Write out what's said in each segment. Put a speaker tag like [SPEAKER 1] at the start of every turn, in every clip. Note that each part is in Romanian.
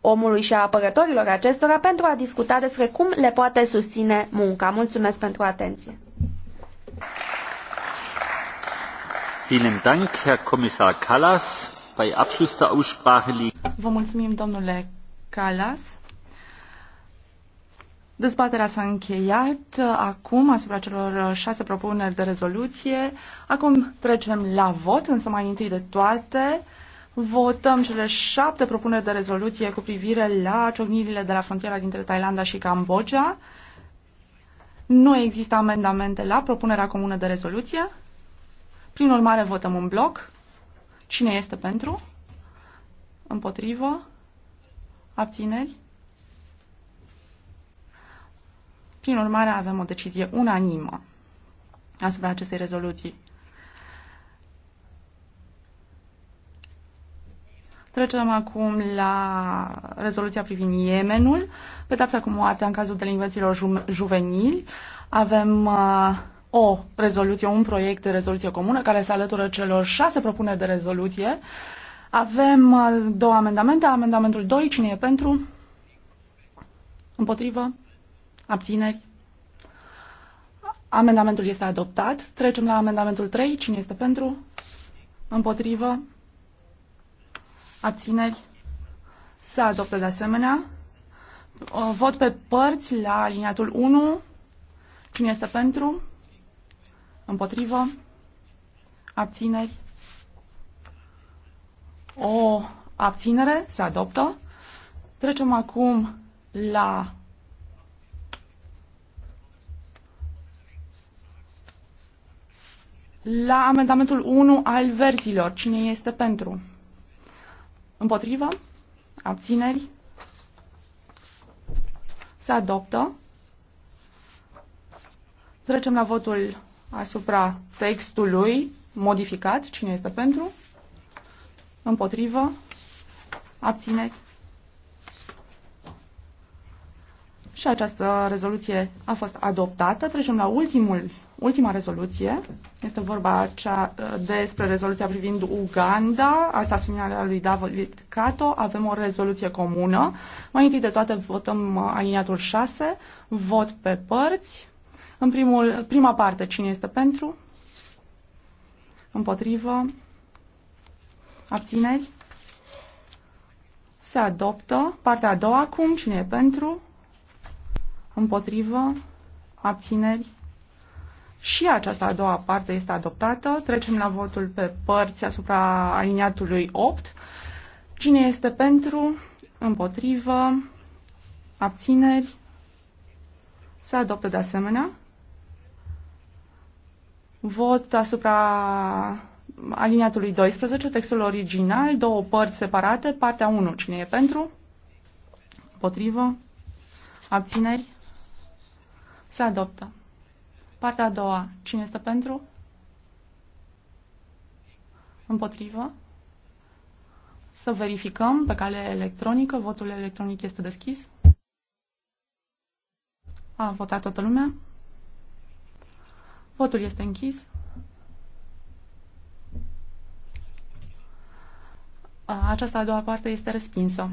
[SPEAKER 1] omului și a apărătorilor acestora pentru a discuta despre cum le poate susține munca. Mulțumesc pentru atenție. Vielen Dank, Herr Kommissar Bei Abschluss der Aussprache Vă mulțumim, domnule Kallas. Dezbaterea s-a încheiat acum asupra celor șase propuneri de rezoluție. Acum trecem la vot, însă mai întâi de toate votăm cele șapte propuneri de rezoluție cu privire la ciocnirile de la frontiera dintre Thailanda și Cambodgia. Nu există amendamente la propunerea comună de rezoluție. Prin urmare, votăm un bloc. Cine este pentru? Împotrivă? Abțineri? Prin urmare, avem o decizie unanimă asupra acestei rezoluții. Trecem acum la rezoluția privind Yemenul, pedapsa cu moartea în cazul delinvenților ju- juvenili. Avem uh, o rezoluție, un proiect de rezoluție comună care se alătură celor șase propuneri de rezoluție. Avem uh, două amendamente. Amendamentul 2, cine e pentru? Împotrivă? Abțineri? Amendamentul este adoptat. Trecem la amendamentul 3, cine este pentru? Împotrivă? abțineri, se adoptă de asemenea. Vot pe părți la aliniatul 1. Cine este pentru? Împotrivă? Abțineri? O abținere se adoptă. Trecem acum la la amendamentul 1 al verzilor. Cine este pentru? Împotrivă? Abțineri? Se adoptă. Trecem la votul asupra textului modificat. Cine este pentru? Împotrivă? Abțineri? Și această rezoluție a fost adoptată. Trecem la ultimul Ultima rezoluție este vorba cea, ă, despre rezoluția privind Uganda, asasinarea lui David Kato. Avem o rezoluție comună. Mai întâi de toate votăm aliniatul 6, vot pe părți. În primul, prima parte, cine este pentru? Împotrivă? Abțineri? Se adoptă. Partea a doua acum, cine e pentru? Împotrivă? Abțineri? Și această a doua parte este adoptată. Trecem la votul pe părți asupra aliniatului 8. Cine este pentru? Împotrivă? Abțineri? Se adoptă de asemenea. Vot asupra aliniatului 12, textul original, două părți separate, partea 1. Cine e pentru? Împotrivă? Abțineri? Se adoptă. Partea a doua. Cine este pentru? Împotrivă. Să verificăm pe cale electronică. Votul electronic este deschis. A votat toată lumea. Votul este închis. Această a doua parte este respinsă.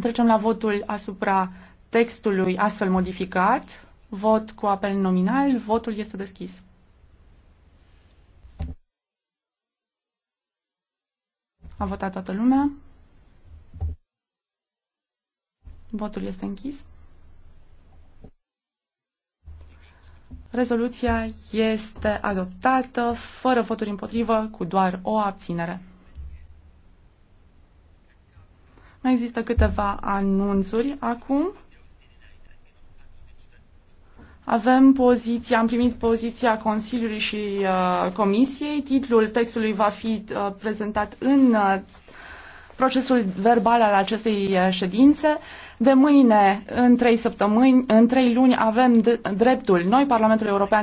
[SPEAKER 1] Trecem la votul asupra textului astfel modificat. Vot cu apel nominal. Votul este deschis. A votat toată lumea. Votul este închis. Rezoluția este adoptată fără voturi împotrivă, cu doar o abținere. Mai există câteva anunțuri acum. Avem poziția, am primit poziția Consiliului și uh, Comisiei. Titlul textului va fi uh, prezentat în uh, procesul verbal al acestei uh, ședințe. De mâine, în trei săptămâni, în trei luni, avem dreptul noi, Parlamentul European,